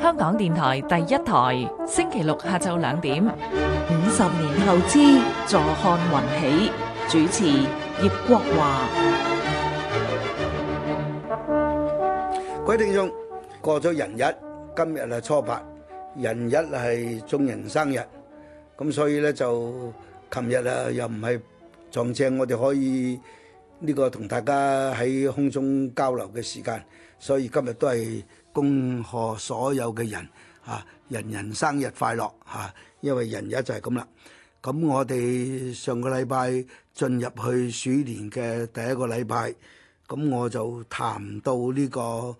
香港電台第一台，星期六下晝兩點。五十年投資，坐看雲起。主持葉國華。各位聽眾，過咗人日，今日係初八，人日係眾人生日，咁所以呢就，琴日啊又唔係撞正，我哋可以。呢個同大家喺空中交流嘅時間，所以今日都係恭賀所有嘅人啊！人人生日快樂嚇！因為人日就係咁啦。咁我哋上個禮拜進入去鼠年嘅第一個禮拜，咁我就談到呢個誒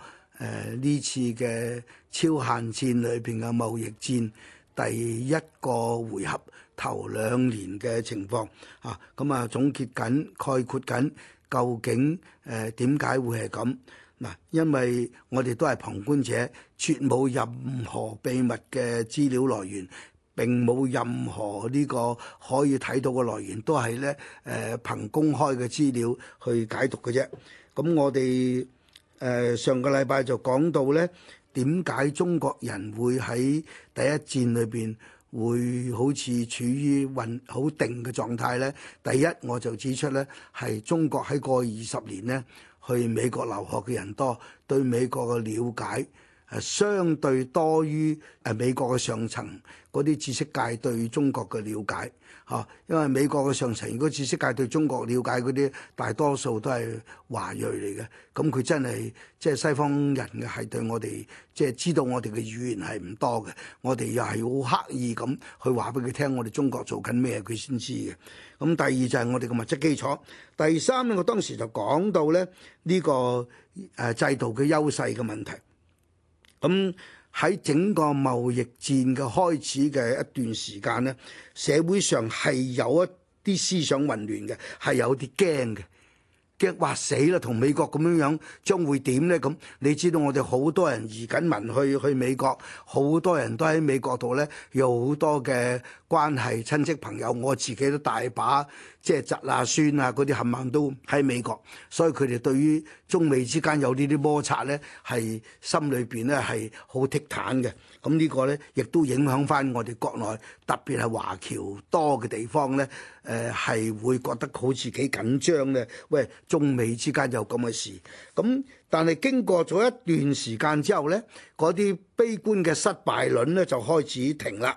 呢次嘅超限戰裏邊嘅貿易戰第一個回合，頭兩年嘅情況嚇，咁啊、嗯、總結緊、概括緊，究竟誒點解會係咁嗱？因為我哋都係旁觀者，絕冇任何秘密嘅資料來源，並冇任何呢個可以睇到嘅來源，都係咧誒憑公開嘅資料去解讀嘅啫。咁、嗯、我哋誒、呃、上個禮拜就講到咧，點解中國人會喺第一戰裏邊？會好似處於運好定嘅狀態呢。第一，我就指出呢，係中國喺過去二十年呢，去美國留學嘅人多，對美國嘅了解。誒相對多於誒美國嘅上層嗰啲知識界對中國嘅了解嚇、啊，因為美國嘅上層如果知識界對中國了解嗰啲，大多數都係華裔嚟嘅。咁佢真係即係西方人嘅，係對我哋即係知道我哋嘅語言係唔多嘅。我哋又係好刻意咁去話俾佢聽，我哋中國做緊咩佢先知嘅。咁第二就係我哋嘅物質基礎，第三咧，我當時就講到咧呢、呢個誒制度嘅優勢嘅問題。咁喺、嗯、整個貿易戰嘅開始嘅一段時間呢，社會上係有一啲思想混亂嘅，係有啲驚嘅，驚話死啦，同美國咁樣樣將會點呢？咁、嗯、你知道我哋好多人移緊民去去美國，好多人都喺美國度呢，有好多嘅關係親戚朋友，我自己都大把。即係侄啊、孫啊嗰啲冚唪唥都喺美國，所以佢哋對於中美之間有呢啲摩擦咧，係心裏邊咧係好剔坦嘅。咁呢個咧，亦都影響翻我哋國內，特別係華僑多嘅地方咧，誒、呃，係會覺得好似幾緊張咧。喂，中美之間有咁嘅事，咁但係經過咗一段時間之後咧，嗰啲悲觀嘅失敗論咧就開始停啦。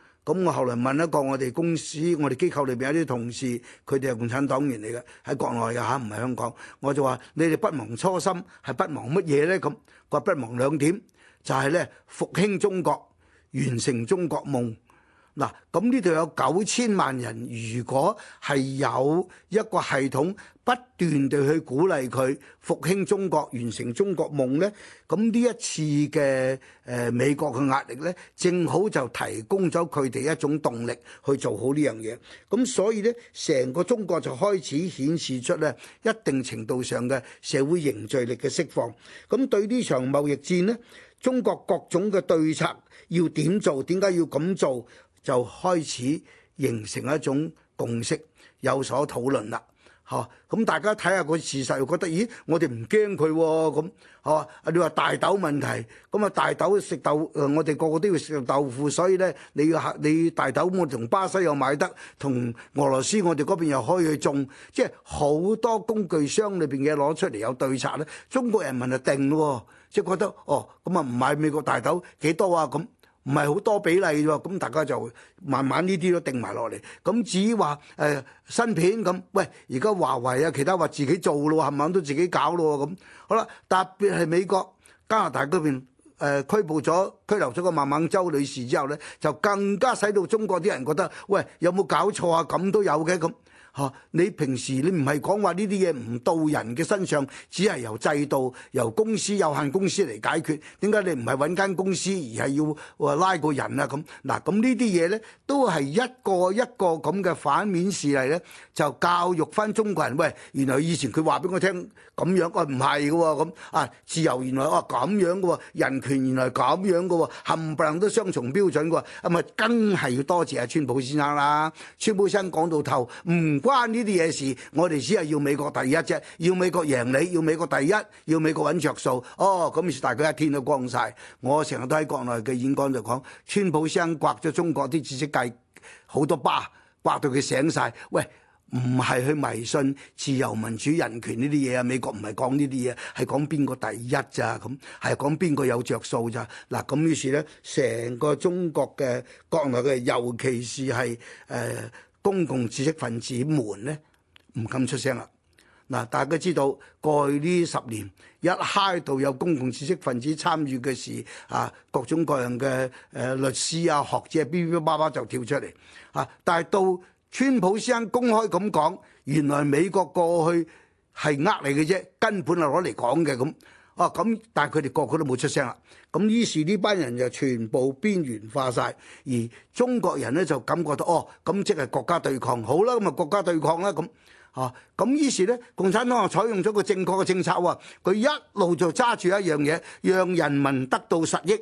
咁我後來問一個我哋公司、我哋機構裏邊有啲同事，佢哋係共產黨員嚟嘅，喺國內嘅嚇，唔係香港。我就話：「你哋不忘初心係不忘乜嘢呢？」咁我話不忘兩點，就係咧復興中國、完成中國夢。嗱，咁呢度有九千萬人，如果係有一個系統不斷地去鼓勵佢復興中國、完成中國夢呢，咁呢一次嘅誒美國嘅壓力呢，正好就提供咗佢哋一種動力去做好呢樣嘢。咁所以呢，成個中國就開始顯示出呢一定程度上嘅社會凝聚力嘅釋放。咁對呢場貿易戰呢，中國各種嘅對策要點做？點解要咁做？就開始形成一種共識，有所討論啦。嚇，咁大家睇下個事實，又覺得咦，我哋唔驚佢喎。咁嚇，你話大豆問題，咁啊大豆食豆，我哋個個都要食豆腐，所以呢，你要你大豆，我同巴西又買得，同俄羅斯我哋嗰邊又可以種，即係好多工具箱裏邊嘅攞出嚟有對策呢，中國人民就定咯，即係覺得哦，咁啊唔買美國大豆幾多啊咁。唔係好多比例喎，咁大家就慢慢呢啲都定埋落嚟。咁至於話誒、呃、新片咁，喂，而家華為啊，其他話自己做咯，係咪都自己搞咯喎，咁好啦。特別係美國加拿大嗰邊、呃、拘捕咗拘留咗個孟晚舟女士之後咧，就更加使到中國啲人覺得，喂，有冇搞錯啊？咁都有嘅咁。嚇、啊！你平時你唔係講話呢啲嘢唔到人嘅身上，只係由制度、由公司有限公司嚟解決。點解你唔係揾間公司而係要拉個人啊？咁嗱，咁呢啲嘢呢，都係一個一個咁嘅反面事例呢就教育翻中國人：「喂，原來以前佢話俾我聽咁樣，喂，唔係嘅喎咁啊，自由原來哦咁、啊、樣嘅喎、啊，人權原來咁樣嘅喎、啊，冚唪唥都雙重標準嘅喎，咁啊，梗係要多謝阿川普先生啦。川普先生講到頭唔～關呢啲嘢事，我哋只係要美國第一啫，要美國贏你，要美國第一，要美國揾着數。哦，咁於是大家一天都光晒，我成日都喺國內嘅演講就講，川普聲刮咗中國啲知識界好多巴，刮到佢醒晒。喂，唔係去迷信自由民主、人權呢啲嘢啊，美國唔係講呢啲嘢，係講邊個第一咋咁，係講邊個有着數咋。嗱，咁於是呢，成個中國嘅國內嘅，尤其是係誒。呃公共知識分子們咧，唔敢出聲啦。嗱，大家知道過去呢十年一開到有公共知識分子參與嘅事啊，各種各樣嘅誒律師啊、學者，嗶嗶巴巴就跳出嚟啊。但係到川普先生公開咁講，原來美國過去係呃你嘅啫，根本係攞嚟講嘅咁。哦咁，但係佢哋個個都冇出聲啦。咁於是呢班人就全部邊緣化曬，而中國人咧就感覺到哦，咁即係國家對抗，好啦，咁啊國家對抗啦咁。嚇，咁於是咧，共產黨就採用咗個正確嘅政策喎，佢一路就揸住一樣嘢，讓人民得到實益。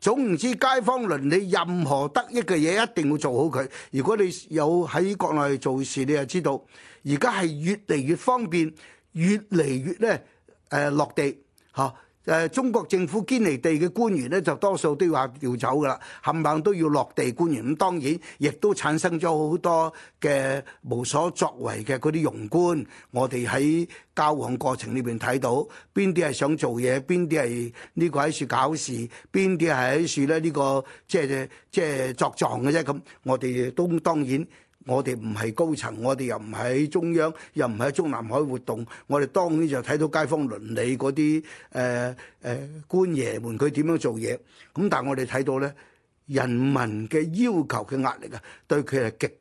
總言之，街坊鄰里任何得益嘅嘢，一定要做好佢。如果你有喺國內做事，你就知道，而家係越嚟越方便，越嚟越咧誒落地。嚇！誒，中國政府堅離地嘅官員咧，就多數都要話調走噶啦，冚棒都要落地官員。咁當然亦都產生咗好多嘅無所作為嘅嗰啲庸官。我哋喺交往過程裏邊睇到邊啲係想做嘢，邊啲係呢個喺處搞事，邊啲係喺處咧呢個即係即係作狀嘅啫。咁我哋都當然。我哋唔係高層，我哋又唔係中央，又唔係中南海活動。我哋當然就睇到街坊鄰里嗰啲誒誒官爺們佢點樣做嘢。咁但係我哋睇到呢人民嘅要求嘅壓力啊，對佢係極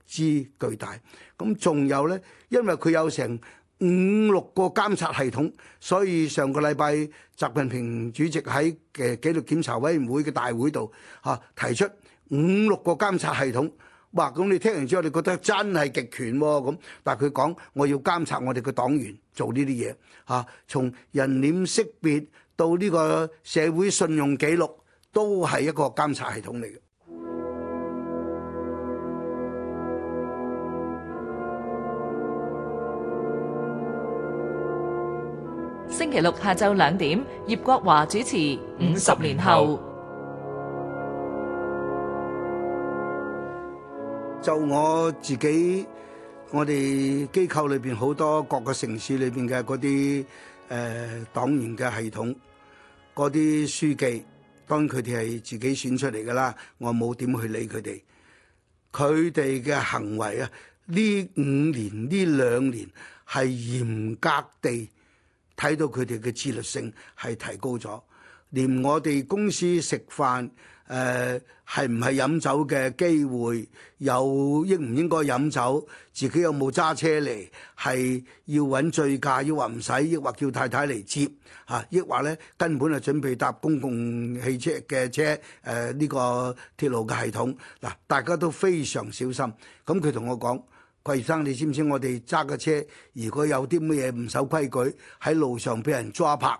之巨大。咁仲有呢，因為佢有成五六個監察系統，所以上個禮拜習近平主席喺嘅紀律檢查委員會嘅大會度嚇提出五六個監察系統。哇！咁你聽完之後，你覺得真係極權喎咁。但係佢講，我要監察我哋嘅黨員做呢啲嘢吓，從人臉識別到呢個社會信用記錄，都係一個監察系統嚟嘅。星期六下晝兩點，葉國華主持《五十年後》。就我自己，我哋機構裏邊好多各個城市裏邊嘅嗰啲誒黨員嘅系統，嗰啲書記，當然佢哋係自己選出嚟㗎喇，我冇點去理佢哋。佢哋嘅行為啊，呢五年呢兩年係嚴格地睇到佢哋嘅自律性係提高咗，連我哋公司食飯。誒係唔係飲酒嘅機會有應唔應該飲酒？自己有冇揸車嚟係要揾醉駕？抑或唔使？抑或叫太太嚟接吓？抑或咧根本就準備搭公共汽車嘅車誒？呢、呃這個鐵路嘅系統嗱，大家都非常小心。咁佢同我講：「桂生，你知唔知我哋揸個車如果有啲乜嘢唔守規矩喺路上俾人抓拍？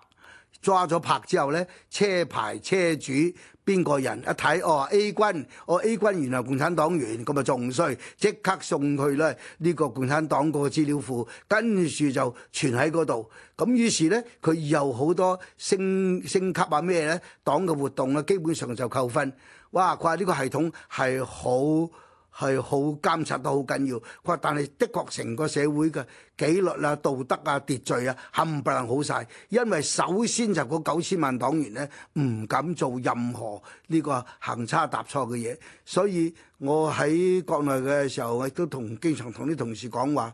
抓咗拍之後呢，車牌車主邊個人，一睇，哦 A 君，我、哦、A 君原來共產黨員，咁咪仲衰，即刻送去咧呢個共產黨個資料庫，跟住就存喺嗰度。咁於是呢，佢又好多升升級啊咩呢？黨嘅活動咧、啊，基本上就扣分。哇！佢話呢個系統係好。係好監察到好緊要，佢話：但係的確成個社會嘅紀律啊、道德啊、秩序啊，冚唪唥好晒。因為首先就嗰九千萬黨員呢，唔敢做任何呢個行差踏錯嘅嘢。所以我喺國內嘅時候，亦都同經常同啲同事講話，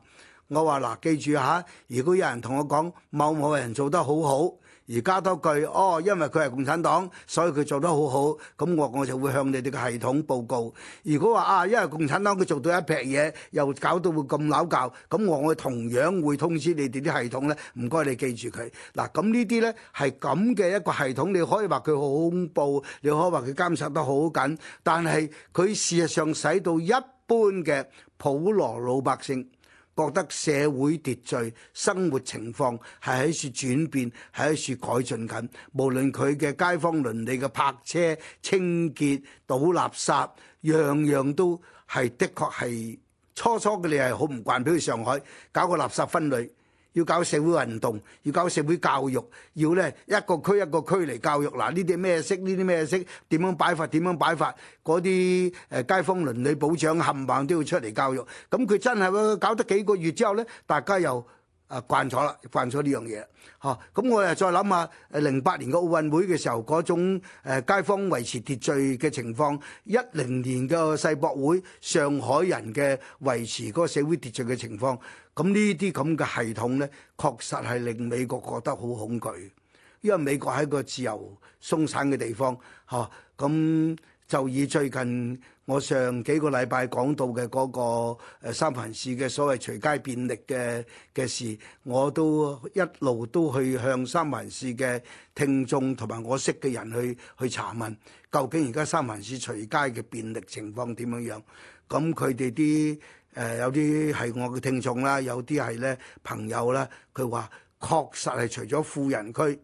我話嗱，記住嚇，啊，如果有人同我講某某人做得好好。而加多句，哦，因為佢係共產黨，所以佢做得好好。咁我我就會向你哋嘅系統報告。如果話啊，因為共產黨佢做到一劈嘢，又搞到會咁鬧交，咁我我同樣會通知你哋啲系統咧。唔該你記住佢。嗱，咁呢啲咧係咁嘅一個系統，你可以話佢好恐怖，你可以話佢監察得好緊，但係佢事實上使到一般嘅普羅老百姓。覺得社會秩序、生活情況係喺處轉變，係喺處改進緊。無論佢嘅街坊鄰里嘅泊車、清潔、倒垃圾，樣樣都係的確係初初嘅，你係好唔慣，比如上海搞個垃圾分類，要搞社會運動，要搞社會教育，要咧一個區一個區嚟教育。嗱，呢啲咩式？呢啲咩式？點樣擺法？點樣擺法？嗰啲誒街坊鄰里、保長冚唪唥都要出嚟教育。咁佢真係喎，搞得幾個月之後咧，大家又～誒慣咗啦，慣咗呢樣嘢，嚇咁我誒再諗下，零八年嘅奧運會嘅時候嗰種、呃、街坊維持秩序嘅情況，一零年嘅世博會上海人嘅維持嗰個社會秩序嘅情況，咁呢啲咁嘅系統呢，確實係令美國覺得好恐懼，因為美國係一個自由鬆散嘅地方，嚇咁就以最近。我上幾個禮拜講到嘅嗰個誒三藩市嘅所謂隨街便利嘅嘅事，我都一路都去向三藩市嘅聽眾同埋我識嘅人去去查問，究竟而家三藩市隨街嘅便利情況點樣樣？咁佢哋啲誒有啲係我嘅聽眾啦，有啲係咧朋友啦，佢話確實係除咗富人區。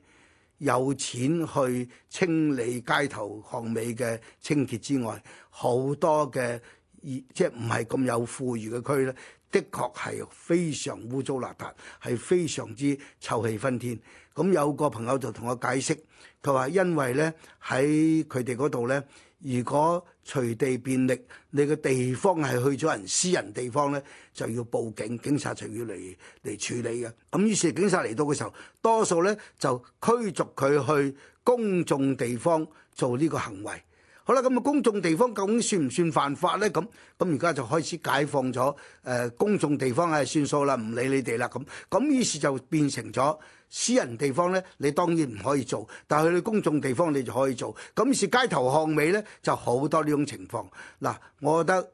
有錢去清理街頭巷尾嘅清潔之外，好多嘅即係唔係咁有富裕嘅區呢，的確係非常污糟邋遢，係非常之臭氣熏天。咁有個朋友就同我解釋，佢話因為呢喺佢哋嗰度呢，如果隨地便利，你個地方係去咗人私人地方呢，就要報警，警察就要嚟嚟處理嘅。咁於是警察嚟到嘅時候，多數呢就驅逐佢去公眾地方做呢個行為。好啦，咁啊，公眾地方究竟算唔算犯法呢？咁咁而家就開始解放咗，誒，公眾地方係算數啦，唔理你哋啦。咁咁於是就變成咗私人地方呢，你當然唔可以做，但係去到公眾地方你就可以做。咁於是街頭巷尾呢，就好多呢種情況。嗱，我覺得。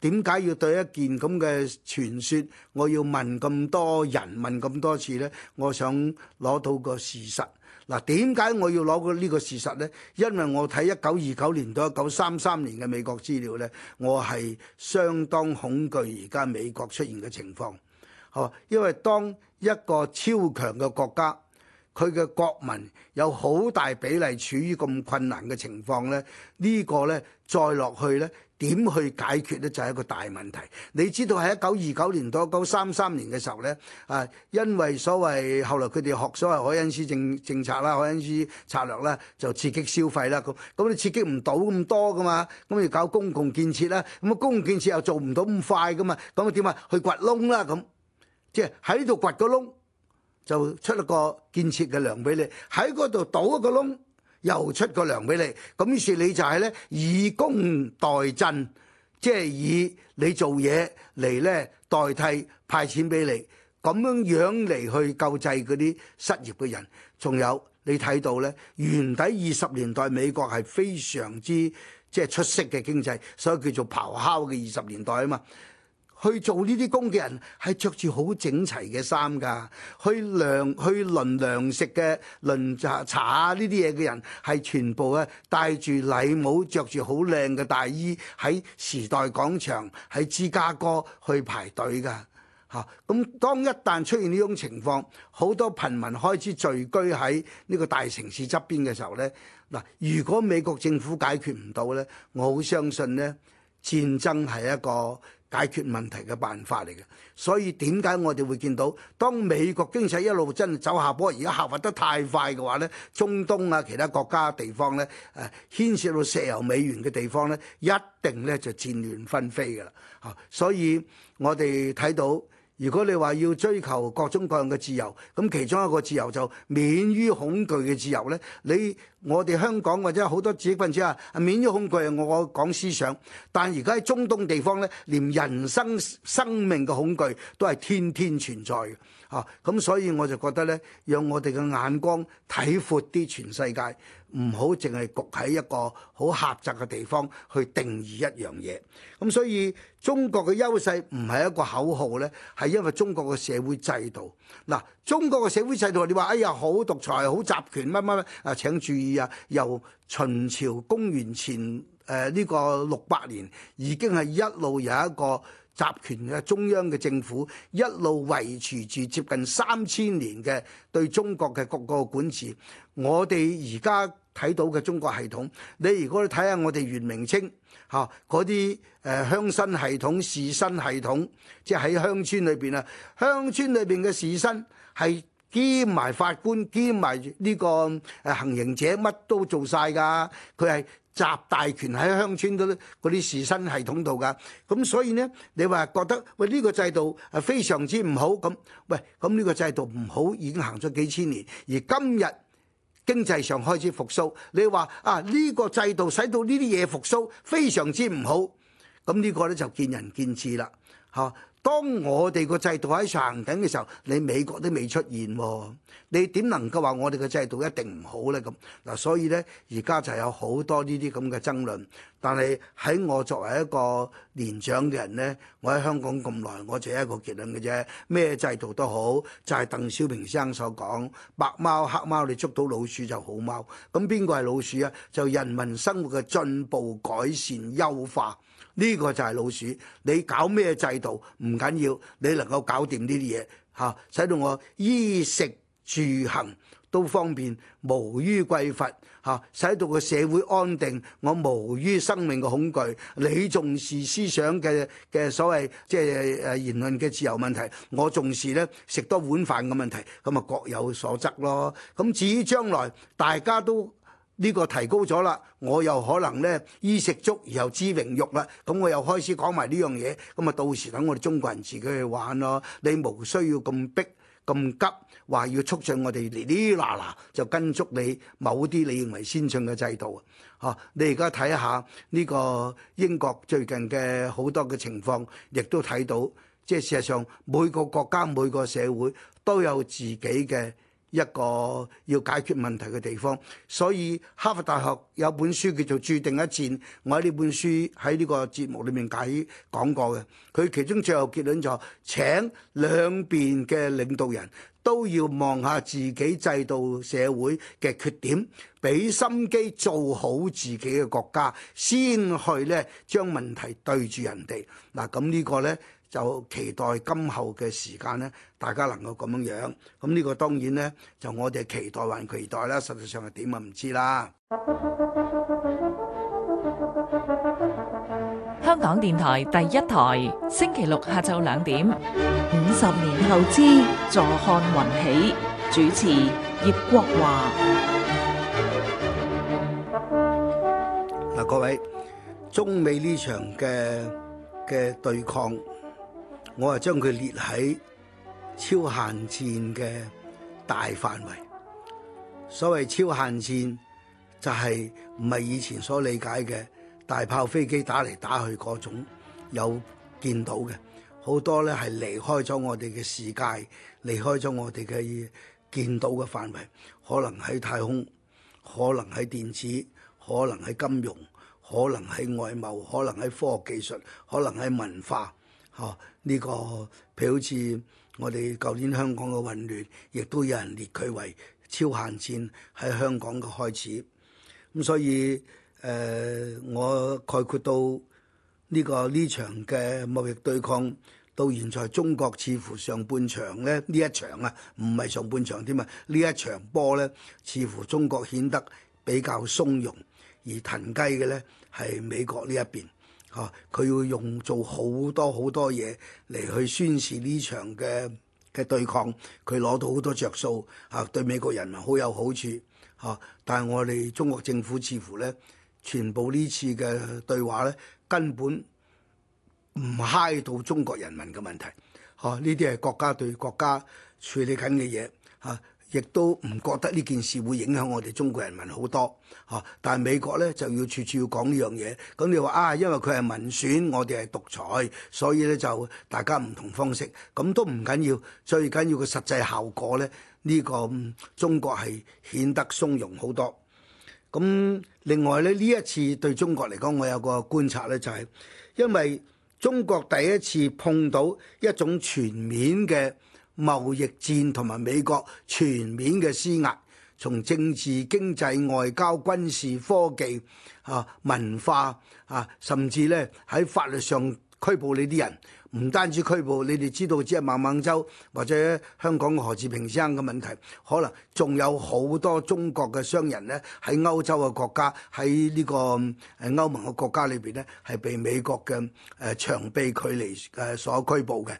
點解要對一件咁嘅傳說，我要問咁多人問咁多次呢？我想攞到個事實。嗱，點解我要攞到呢個事實呢？因為我睇一九二九年到一九三三年嘅美國資料呢，我係相當恐懼而家美國出現嘅情況。好，因為當一個超強嘅國家。佢嘅國民有好大比例處於咁困難嘅情況呢，呢個呢再落去呢點去解決呢就係一個大問題。你知道喺一九二九年到一九三三年嘅時候呢，啊，因為所謂後來佢哋學所謂凱恩斯政政策啦、凱恩斯策略啦，就刺激消費啦。咁咁你刺激唔到咁多噶嘛？咁你搞公共建設啦。咁啊，公共建設又做唔到咁快噶嘛？咁點啊？去掘窿啦！咁即係喺呢度掘個窿。就出一個建設嘅糧俾你，喺嗰度倒一個窿，又出個糧俾你，咁於是你就係呢以工代賑，即係以你做嘢嚟呢代替派錢俾你，咁樣樣嚟去救濟嗰啲失業嘅人。仲有你睇到呢，原底二十年代美國係非常之即係出色嘅經濟，所以叫做咆哮嘅二十年代啊嘛。去做呢啲工嘅人係着住好整齊嘅衫噶，去量去論糧食嘅論查查呢啲嘢嘅人係全部咧戴住禮帽，着住好靚嘅大衣喺時代廣場，喺芝加哥去排隊㗎吓。咁當一旦出現呢種情況，好多貧民開始聚居喺呢個大城市側邊嘅時候咧，嗱，如果美國政府解決唔到咧，我好相信咧，戰爭係一個。解決問題嘅辦法嚟嘅，所以點解我哋會見到當美國經濟一路真係走下坡，而家下滑得太快嘅話呢，中東啊、其他國家地方呢，誒牽涉到石油美元嘅地方呢，一定呢就戰亂紛飛㗎喇。所以我哋睇到。如果你話要追求各種各樣嘅自由，咁其中一個自由就免於恐懼嘅自由呢，你我哋香港或者好多知識分子啊，免於恐懼，我講思想。但而家喺中東地方呢，連人生生命嘅恐懼都係天天存在嘅。啊，咁所以我就覺得呢，讓我哋嘅眼光睇闊啲全世界，唔好淨係局喺一個好狹窄嘅地方去定義一樣嘢。咁、啊、所以中國嘅優勢唔係一個口號呢，係因為中國嘅社會制度。嗱、啊，中國嘅社會制度，你話哎呀好獨裁、好集權乜乜啊？請注意啊，由秦朝公元前誒呢、啊這個六百年已經係一路有一個。集權嘅中央嘅政府一路維持住接近三千年嘅對中國嘅各個管治。我哋而家睇到嘅中國系統，你如果你睇下我哋原名稱嚇，嗰啲誒鄉紳系統士紳系統，即喺、就是、鄉村裏邊啦，鄉村裏邊嘅士紳係。兼埋法官兼埋呢個行刑者，乜都做晒噶。佢係集大權喺鄉村嗰啲嗰啲士紳系統度噶。咁所以呢，你話覺得喂呢個制度係非常之唔好咁？喂，咁呢個制度唔好已經行咗幾千年，而今日經濟上開始復甦，你話啊呢個制度使到呢啲嘢復甦，非常之唔好。咁呢個呢，就見仁見智啦，嚇、啊。當我哋個制度喺上行緊嘅時候，你美國都未出現喎，你點能夠話我哋個制度一定唔好呢咁？嗱，所以呢，而家就有好多呢啲咁嘅爭論。但係喺我作為一個年長嘅人呢，我喺香港咁耐，我只係一個結論嘅啫。咩制度都好，就係鄧小平先生所講：白貓黑貓，你捉到老鼠就好貓。咁邊個係老鼠啊？就人民生活嘅進步、改善、優化。呢個就係老鼠，你搞咩制度唔緊要，你能夠搞掂呢啲嘢嚇，使到我衣食住行都方便，無於匱乏嚇，使到個社會安定，我無於生命嘅恐懼。你重視思想嘅嘅所謂即係言論嘅自由問題，我重視咧食多碗飯嘅問題，咁啊各有所執咯。咁至於將來大家都。呢個提高咗啦，我又可能呢衣食足，然後知榮辱啦，咁我又開始講埋呢樣嘢，咁啊到時等我哋中國人自己去玩咯，你無需要咁逼咁急，話要促進我哋呢嗱嗱就跟足你某啲你認為先進嘅制度啊，你而家睇下呢個英國最近嘅好多嘅情況，亦都睇到，即係事實上每個國家每個社會都有自己嘅。一個要解決問題嘅地方，所以哈佛大學有本書叫做《注定一戰》，我喺呢本書喺呢個節目裏面解講過嘅。佢其中最後結論就請兩邊嘅領導人都要望下自己制度社會嘅缺點，俾心機做好自己嘅國家，先去咧將問題對住人哋。嗱，咁呢個呢。就期待今後嘅時間咧，大家能夠咁樣樣。咁呢個當然咧，就我哋期待還期待啦。實際上係點啊？唔知啦。香港電台第一台，星期六下晝兩點。五十年後之坐看雲起。主持葉國華。嗱，各位，中美呢場嘅嘅對抗。我係，將佢列喺超限戰嘅大範圍。所謂超限戰，就係唔係以前所理解嘅大炮、飛機打嚟打去嗰種有見到嘅，好多呢係離開咗我哋嘅世界，離開咗我哋嘅見到嘅範圍。可能喺太空，可能喺電子，可能喺金融，可能喺外貿，可能喺科學技術，可能喺文化。哦，呢個譬如好似我哋舊年香港嘅混亂，亦都有人列佢為超限戰喺香港嘅開始。咁所以誒，我概括到呢個呢場嘅貿易對抗，到現在中國似乎上半場呢，呢一場啊，唔係上半場添啊，呢一場波呢，似乎中國顯得比較鬆容，而騰雞嘅呢，係美國呢一邊。啊！佢要用做好多好多嘢嚟去宣示呢場嘅嘅對抗，佢攞到好多着數，啊！對美國人民好有好處，啊！但係我哋中國政府似乎呢，全部呢次嘅對話呢，根本唔嗨到中國人民嘅問題，啊！呢啲係國家對國家處理緊嘅嘢啊！亦都唔覺得呢件事會影響我哋中國人民好多，嚇、啊！但係美國呢，就要處處要講呢樣嘢。咁你話啊，因為佢係民選，我哋係獨裁，所以呢，就大家唔同方式。咁都唔緊要，最緊要嘅實際效果呢，呢、這個中國係顯得從容好多。咁另外呢，呢一次對中國嚟講，我有個觀察呢，就係、是、因為中國第一次碰到一種全面嘅。貿易戰同埋美國全面嘅施壓，從政治、經濟、外交、軍事、科技、啊文化啊，甚至呢喺法律上拘捕你啲人。唔單止拘捕，你哋知道只係孟孟晚舟或者香港何志平先生嘅問題，可能仲有好多中國嘅商人呢，喺歐洲嘅國家，喺呢個誒歐盟嘅國家裏邊呢，係被美國嘅誒長臂距離誒所拘捕嘅。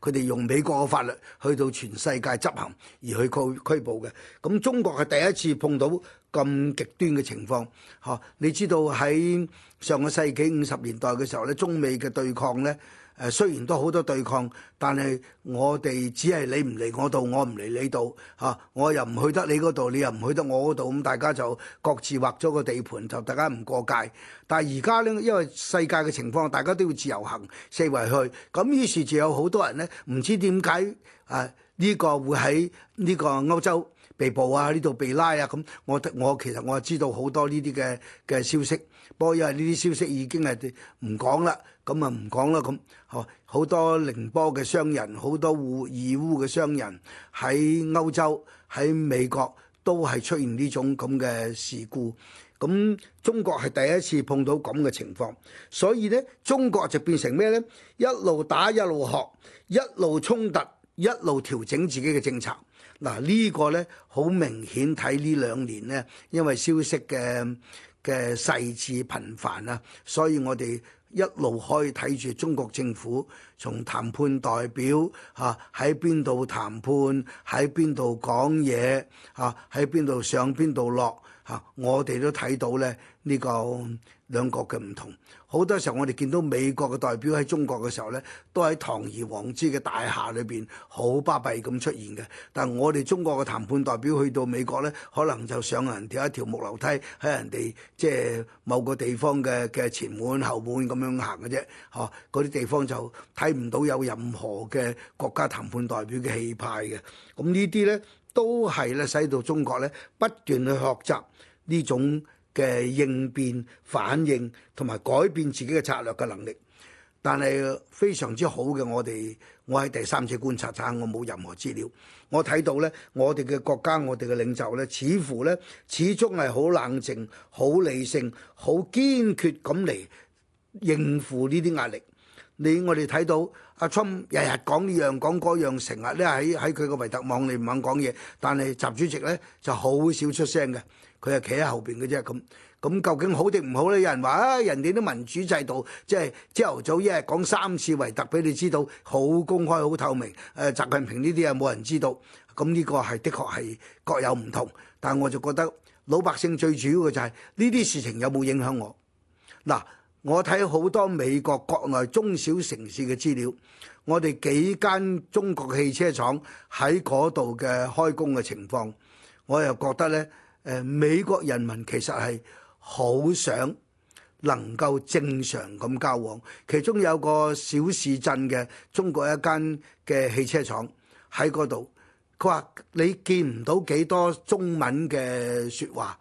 佢哋用美國嘅法律去到全世界執行而去拘拘捕嘅。咁中國係第一次碰到咁極端嘅情況。嚇，你知道喺上個世紀五十年代嘅時候咧，中美嘅對抗咧。誒雖然都好多對抗，但係我哋只係你唔嚟我度，我唔嚟你度，嚇、啊，我又唔去得你嗰度，你又唔去得我嗰度，咁、嗯、大家就各自劃咗個地盤，就大家唔過界。但係而家呢，因為世界嘅情況，大家都要自由行，四圍去，咁於是就有好多人呢，唔知點解啊呢、呢個會喺呢個歐洲被捕啊，呢度被拉啊咁。我我其實我知道好多呢啲嘅嘅消息，不過因為呢啲消息已經係唔講啦。咁啊唔講啦，咁好多寧波嘅商人，好多烏義烏嘅商人喺歐洲、喺美國都係出現呢種咁嘅事故。咁中國係第一次碰到咁嘅情況，所以呢中國就變成咩呢？一路打，一路學，一路衝突，一路調整自己嘅政策。嗱呢個呢好明顯睇呢兩年呢，因為消息嘅嘅細緻頻繁啊，所以我哋。一路可以睇住中國政府從談判代表嚇喺邊度談判，喺邊度講嘢嚇喺邊度上邊度落嚇，我哋都睇到咧呢個。兩國嘅唔同，好多時候我哋見到美國嘅代表喺中國嘅時候呢，都喺堂而皇之嘅大廈裏邊好巴閉咁出現嘅。但係我哋中國嘅談判代表去到美國呢，可能就上人哋一條木樓梯，喺人哋即係某個地方嘅嘅前門後門咁樣行嘅啫。嗬、哦，嗰啲地方就睇唔到有任何嘅國家談判代表嘅氣派嘅。咁呢啲呢，都係咧使到中國呢不斷去學習呢種嘅應變反應同埋改變自己嘅策略嘅能力，但係非常之好嘅。我哋我喺第三者觀察下，撐我冇任何資料。我睇到呢，我哋嘅國家，我哋嘅領袖呢，似乎呢，始終係好冷靜、好理性、好堅決咁嚟應付呢啲壓力。你我哋睇到阿侵日日講呢樣講嗰樣，成日咧喺喺佢個維特網你唔肯講嘢，但係習主席呢，就好少出聲嘅。佢又企喺後邊嘅啫，咁咁究竟好定唔好呢？有人話啊，人哋啲民主制度即係朝頭早一日講三次維特俾你知道，好公開、好透明。誒，習近平呢啲嘢冇人知道，咁呢個係的確係各有唔同。但我就覺得老百姓最主要嘅就係呢啲事情有冇影響我。嗱，我睇好多美國國內中小城市嘅資料，我哋幾間中國汽車廠喺嗰度嘅開工嘅情況，我又覺得呢。誒美國人民其實係好想能夠正常咁交往，其中有個小市鎮嘅中國一間嘅汽車廠喺嗰度，佢話你見唔到幾多中文嘅説話，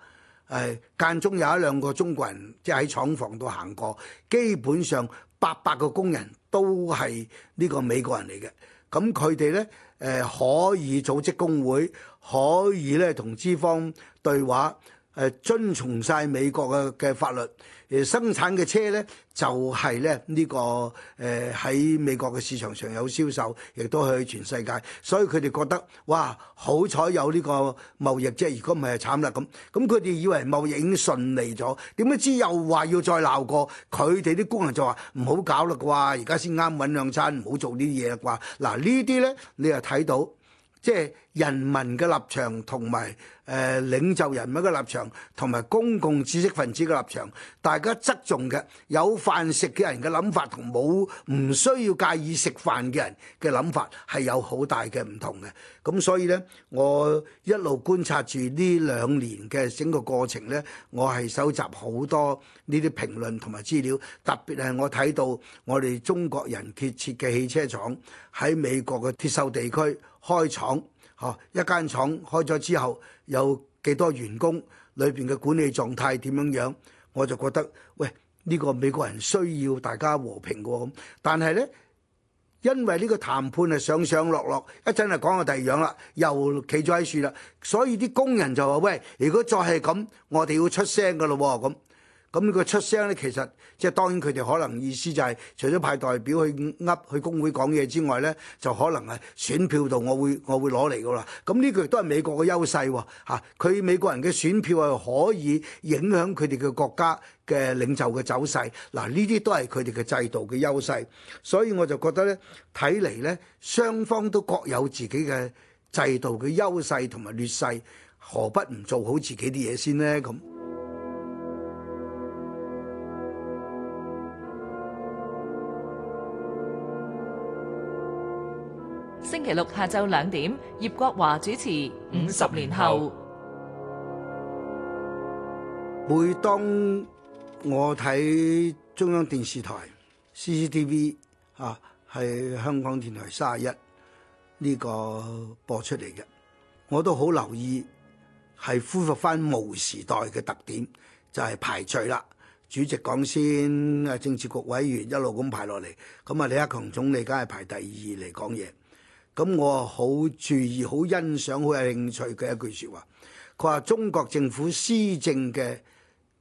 哎，誒間中有一兩個中國人即係喺廠房度行過，基本上八百個工人都係呢個美國人嚟嘅，咁佢哋呢，誒可以組織工會，可以咧同資方。對話，誒遵從晒美國嘅嘅法律，而生產嘅車呢就係咧呢個誒喺、呃、美國嘅市場上有銷售，亦都去全世界，所以佢哋覺得哇，好彩有呢個貿易即係，如果唔係慘啦咁。咁佢哋以為貿易已經順利咗，點解知又話要再鬧過，佢哋啲工人就話唔好搞啦啩，而家先啱揾兩餐，唔好做呢啲嘢啦啩。嗱呢啲呢，你又睇到，即係。人民嘅立場同埋誒領袖人民嘅立場，同埋公共知識分子嘅立場，大家側重嘅有飯食嘅人嘅諗法同冇唔需要介意食飯嘅人嘅諗法係有好大嘅唔同嘅。咁所以呢，我一路觀察住呢兩年嘅整個過程呢，我係搜集好多呢啲評論同埋資料，特別係我睇到我哋中國人建設嘅汽車廠喺美國嘅鐵鏽地區開廠。一間廠開咗之後有幾多員工，裏邊嘅管理狀態點樣樣？我就覺得喂，呢個美國人需要大家和平嘅咁。但係呢，因為呢個談判係上上落落，一陣係講到第二樣啦，又企咗喺樹啦，所以啲工人就話：喂，如果再係咁，我哋要出聲㗎咯咁。咁佢出聲咧，其實即係當然佢哋可能意思就係、是，除咗派代表去噏、去工會講嘢之外咧，就可能係選票度，我會我會攞嚟㗎喇。咁呢個亦都係美國嘅優勢喎，佢、啊、美國人嘅選票係可以影響佢哋嘅國家嘅領袖嘅走勢。嗱、啊，呢啲都係佢哋嘅制度嘅優勢，所以我就覺得咧，睇嚟咧，雙方都各有自己嘅制度嘅優勢同埋劣勢，何不唔做好自己啲嘢先呢？咁。星期六下晝兩點，葉國華主持《五十年後》。每當我睇中央電視台 CCTV 啊，係香港電台三十一呢個播出嚟嘅，我都好留意係恢復翻無時代嘅特點，就係、是、排序啦。主席講先，啊，政治局委員一路咁排落嚟，咁啊，李克強總理梗係排第二嚟講嘢。咁我好注意、好欣賞、好有興趣嘅一句説話，佢話：中國政府施政嘅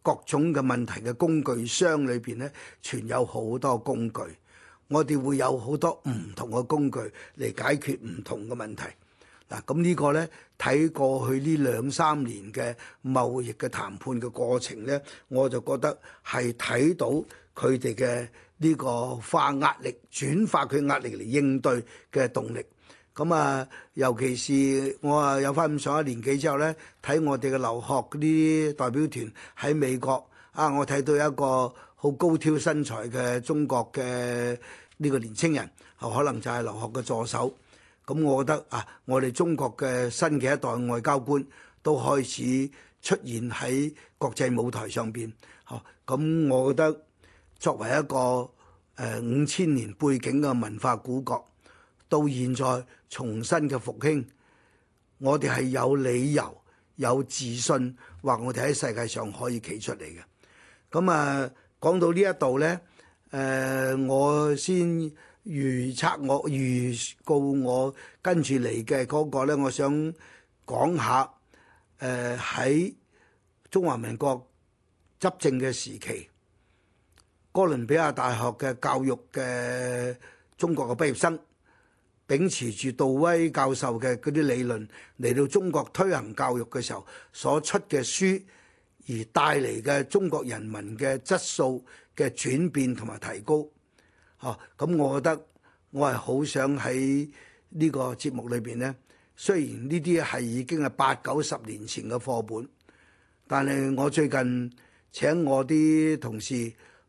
各種嘅問題嘅工具箱裏邊咧，存有好多工具，我哋會有好多唔同嘅工具嚟解決唔同嘅問題。嗱，咁呢個咧睇過去呢兩三年嘅貿易嘅談判嘅過程咧，我就覺得係睇到佢哋嘅呢個化壓力、轉化佢壓力嚟應對嘅動力。咁啊，尤其是我啊有翻咁上下年紀之後呢，睇我哋嘅劉鶴啲代表團喺美國啊，我睇到一個好高挑身材嘅中國嘅呢個年輕人，可能就係劉鶴嘅助手。咁我覺得啊，我哋中國嘅新嘅一代外交官都開始出現喺國際舞台上邊。咁我覺得作為一個五千年背景嘅文化古國，到現在重新嘅復興，我哋係有理由、有自信，話我哋喺世界上可以企出嚟嘅。咁啊，講到呢一度呢，誒、呃，我先預測我預告我跟住嚟嘅嗰個呢，我想講下誒喺、呃、中華民國執政嘅時期，哥倫比亞大學嘅教育嘅中國嘅畢業生。秉持住杜威教授嘅嗰啲理論嚟到中國推行教育嘅時候，所出嘅書而帶嚟嘅中國人民嘅質素嘅轉變同埋提高，嚇、啊、咁我覺得我係好想喺呢個節目裏邊咧，雖然呢啲係已經係八九十年前嘅課本，但係我最近請我啲同事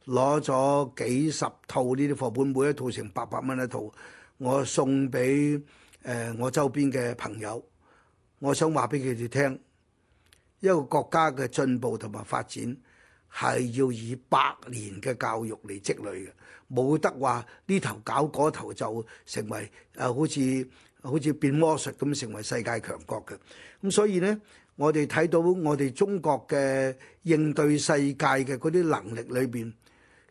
攞咗幾十套呢啲課本，每一套成八百蚊一套。我送俾誒我周邊嘅朋友，我想話俾佢哋聽，一個國家嘅進步同埋發展係要以百年嘅教育嚟積累嘅，冇得話呢頭搞嗰頭就成為誒好似好似變魔術咁成為世界強國嘅。咁所以呢，我哋睇到我哋中國嘅應對世界嘅嗰啲能力裏邊，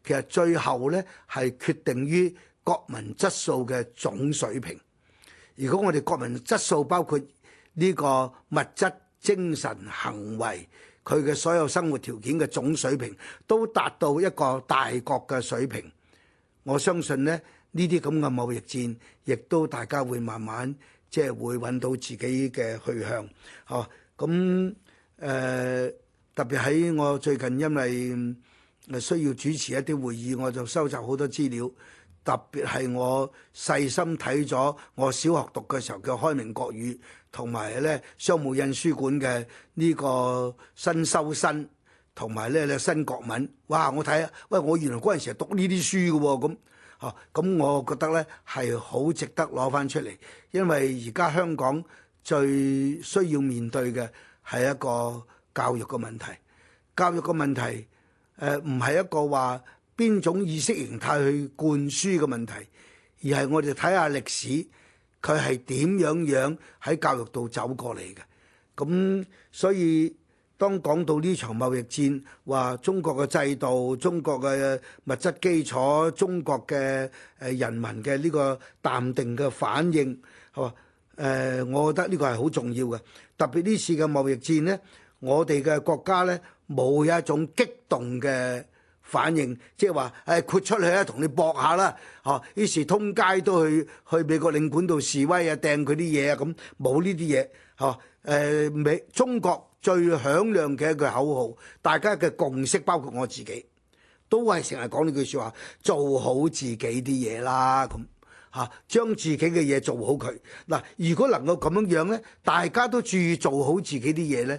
其實最後呢係決定於國民質素嘅總水平，如果我哋國民質素包括呢個物質、精神、行為，佢嘅所有生活條件嘅總水平都達到一個大國嘅水平，我相信呢呢啲咁嘅貿易戰，亦都大家會慢慢即係、就是、會揾到自己嘅去向。哦，咁誒、呃，特別喺我最近因為需要主持一啲會議，我就收集好多資料。特別係我細心睇咗我小學讀嘅時候嘅《開明國語》，同埋咧商務印書館嘅呢個新修身，同埋咧咧新國文。哇！我睇啊，喂！我原來嗰陣時係讀呢啲書嘅喎，咁咁我覺得咧係好值得攞翻出嚟，因為而家香港最需要面對嘅係一個教育嘅問題，教育嘅問題誒唔係一個話邊種意識形態去灌輸嘅問題，而係我哋睇下歷史佢係點樣樣喺教育度走過嚟嘅。咁所以當講到呢場貿易戰，話中國嘅制度、中國嘅物質基礎、中國嘅誒人民嘅呢個淡定嘅反應，係嘛？誒，我覺得呢個係好重要嘅。特別呢次嘅貿易戰呢，我哋嘅國家呢，冇一種激動嘅。反應，即係話誒，豁出去啊，同你搏下啦，哦、啊，於是通街都去去美國領館度示威啊，掟佢啲嘢啊，咁冇呢啲嘢，哦、啊，誒美，中國最響亮嘅一句口號，大家嘅共識，包括我自己，都係成日講呢句説話，做好自己啲嘢啦，咁嚇將自己嘅嘢做好佢。嗱、啊，如果能夠咁樣樣呢，大家都注意做好自己啲嘢呢，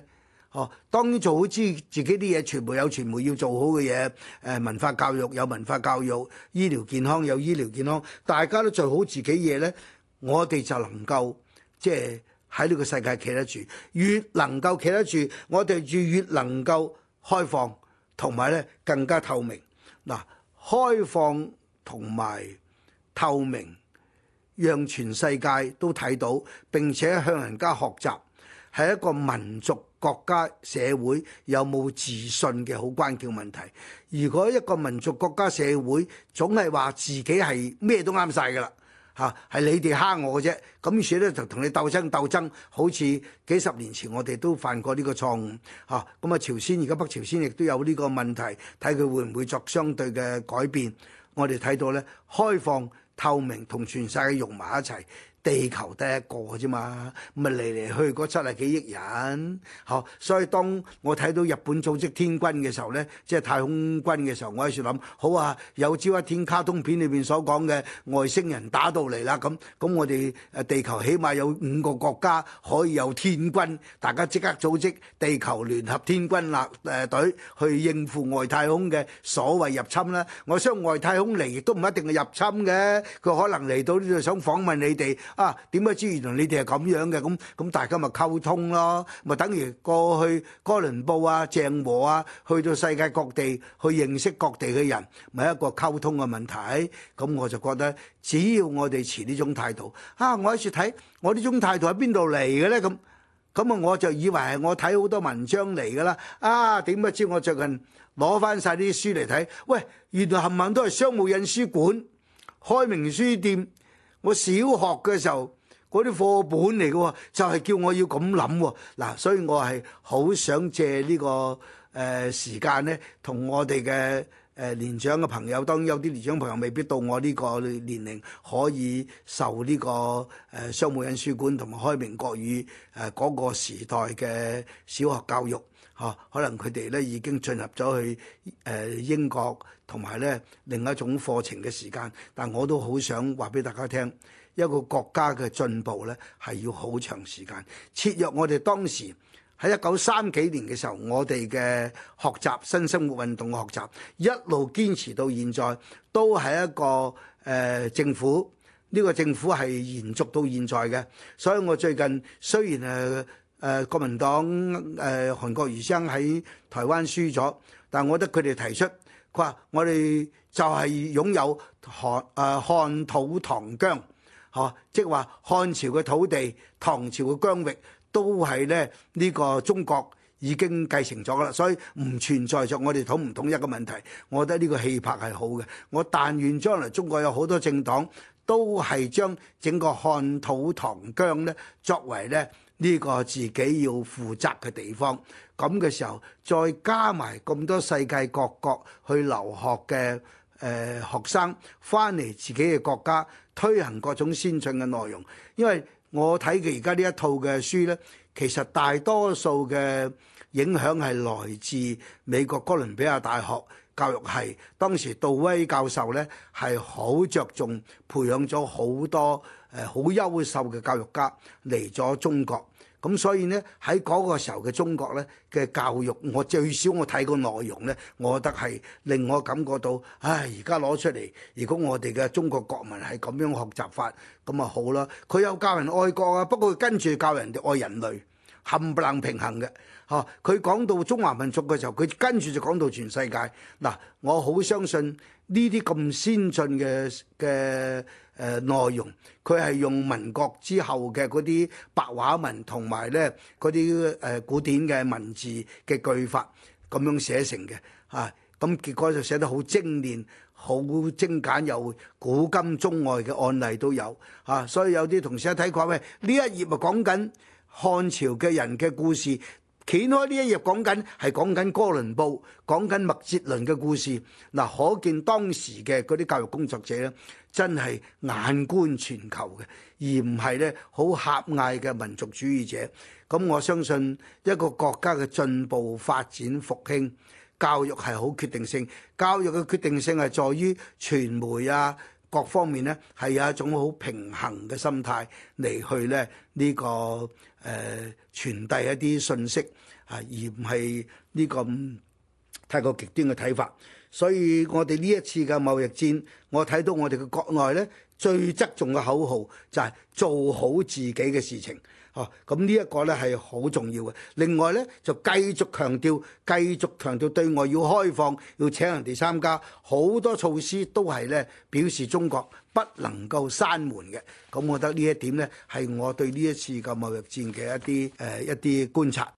哦，當然做好自自己啲嘢，全部有，全部要做好嘅嘢。誒，文化教育有文化教育，醫療健康有醫療健康。大家都做好自己嘢呢，我哋就能夠，即係喺呢個世界企得住。越能夠企得住，我哋就越能夠開放，同埋呢更加透明。嗱，開放同埋透明，讓全世界都睇到，並且向人家學習，係一個民族。國家社會有冇自信嘅好關鍵問題？如果一個民族國家社會總係話自己係咩都啱晒噶啦，嚇係你哋蝦我嘅啫，咁於是咧就同你鬥爭鬥爭，好似幾十年前我哋都犯過呢個錯誤嚇。咁啊，朝鮮而家北朝鮮亦都有呢個問題，睇佢會唔會作相對嘅改變。我哋睇到呢，開放透明同全世界融埋一齊。地球得一個啫嘛，咪嚟嚟去去嗰七十幾億人，嗬！所以當我睇到日本組織天軍嘅時候呢，即係太空軍嘅時候，我喺度諗，好啊！有朝一天卡通片裏面所講嘅外星人打到嚟啦，咁咁我哋誒地球起碼有五個國家可以有天軍，大家即刻組織地球聯合天軍啦，誒隊去應付外太空嘅所謂入侵啦。我想外太空嚟亦都唔一定係入侵嘅，佢可能嚟到呢度想訪問你哋。啊，點解知原來你哋係咁樣嘅？咁咁大家咪溝通咯，咪等於過去哥倫布啊、鄭和啊，去到世界各地去認識各地嘅人，咪一個溝通嘅問題。咁我就覺得，只要我哋持呢種態度，啊，我喺處睇，我呢種態度喺邊度嚟嘅呢？咁咁啊，我就以為係我睇好多文章嚟㗎啦。啊，點解知我最近攞翻曬啲書嚟睇？喂，原來冚唪唥都係商務印書館、開明書店。我小學嘅時候，嗰啲課本嚟嘅，就係叫我要咁諗喎。嗱，所以我係好想借呢個誒時間咧，同我哋嘅誒年長嘅朋友，當有啲年長朋友未必到我呢個年齡可以受呢個誒商務印書館同埋開明國語誒嗰個時代嘅小學教育。可能佢哋咧已經進入咗去誒英國，同埋咧另一種課程嘅時間。但我都好想話俾大家聽，一個國家嘅進步咧係要好長時間。設若我哋當時喺一九三幾年嘅時候，我哋嘅學習新生活運動嘅學習，一路堅持到現在，都係一個誒政府，呢個政府係延續到現在嘅。所以我最近雖然誒。誒國民黨誒、呃、韓國瑜生喺台灣輸咗，但我覺得佢哋提出，佢話我哋就係擁有漢誒漢土唐疆，嚇、啊，即係話漢朝嘅土地、唐朝嘅疆域都係咧呢、呢個中國已經繼承咗啦，所以唔存在着我哋統唔統一嘅問題。我覺得呢個氣魄係好嘅。我但願將來中國有好多政黨都係將整個漢土唐疆咧作為咧。呢個自己要負責嘅地方，咁嘅時候再加埋咁多世界各國去留學嘅誒、呃、學生翻嚟自己嘅國家推行各種先進嘅內容，因為我睇嘅而家呢一套嘅書呢，其實大多數嘅影響係來自美國哥倫比亞大學教育系，當時杜威教授呢，係好着重培養咗好多。好優秀嘅教育家嚟咗中國，咁所以呢，喺嗰個時候嘅中國呢嘅教育，我最少我睇過內容呢，我覺得係令我感覺到，唉而家攞出嚟，如果我哋嘅中國國民係咁樣學習法，咁啊好啦，佢有教人愛國啊，不過跟住教人哋愛人類，冚唪唥平衡嘅，嚇佢講到中華民族嘅時候，佢跟住就講到全世界。嗱，我好相信呢啲咁先進嘅嘅。誒內容，佢係用民國之後嘅嗰啲白話文同埋呢嗰啲誒古典嘅文字嘅句法咁樣寫成嘅，嚇、啊、咁結果就寫得好精煉、好精簡，又古今中外嘅案例都有，嚇、啊，所以有啲同事一睇過喂，呢一頁啊講緊漢朝嘅人嘅故事。掀開呢一頁講，講緊係講緊哥倫布、講緊麥哲倫嘅故事，嗱，可見當時嘅嗰啲教育工作者咧，真係眼觀全球嘅，而唔係咧好狹隘嘅民族主義者。咁我相信一個國家嘅進步發展復興，教育係好決定性。教育嘅決定性係在於傳媒啊。各方面咧係有一種好平衡嘅心態嚟去咧、這、呢個誒、呃、傳遞一啲信息，而唔係呢個太過極端嘅睇法。所以我哋呢一次嘅貿易戰，我睇到我哋嘅國內咧最側重嘅口號就係做好自己嘅事情。哦，咁呢一個呢係好重要嘅。另外呢，就繼續強調，繼續強調對外要開放，要請人哋參加，好多措施都係呢表示中國不能夠閂門嘅。咁、嗯、我覺得呢一點呢係我對呢一次嘅貿易戰嘅一啲誒、呃、一啲觀察。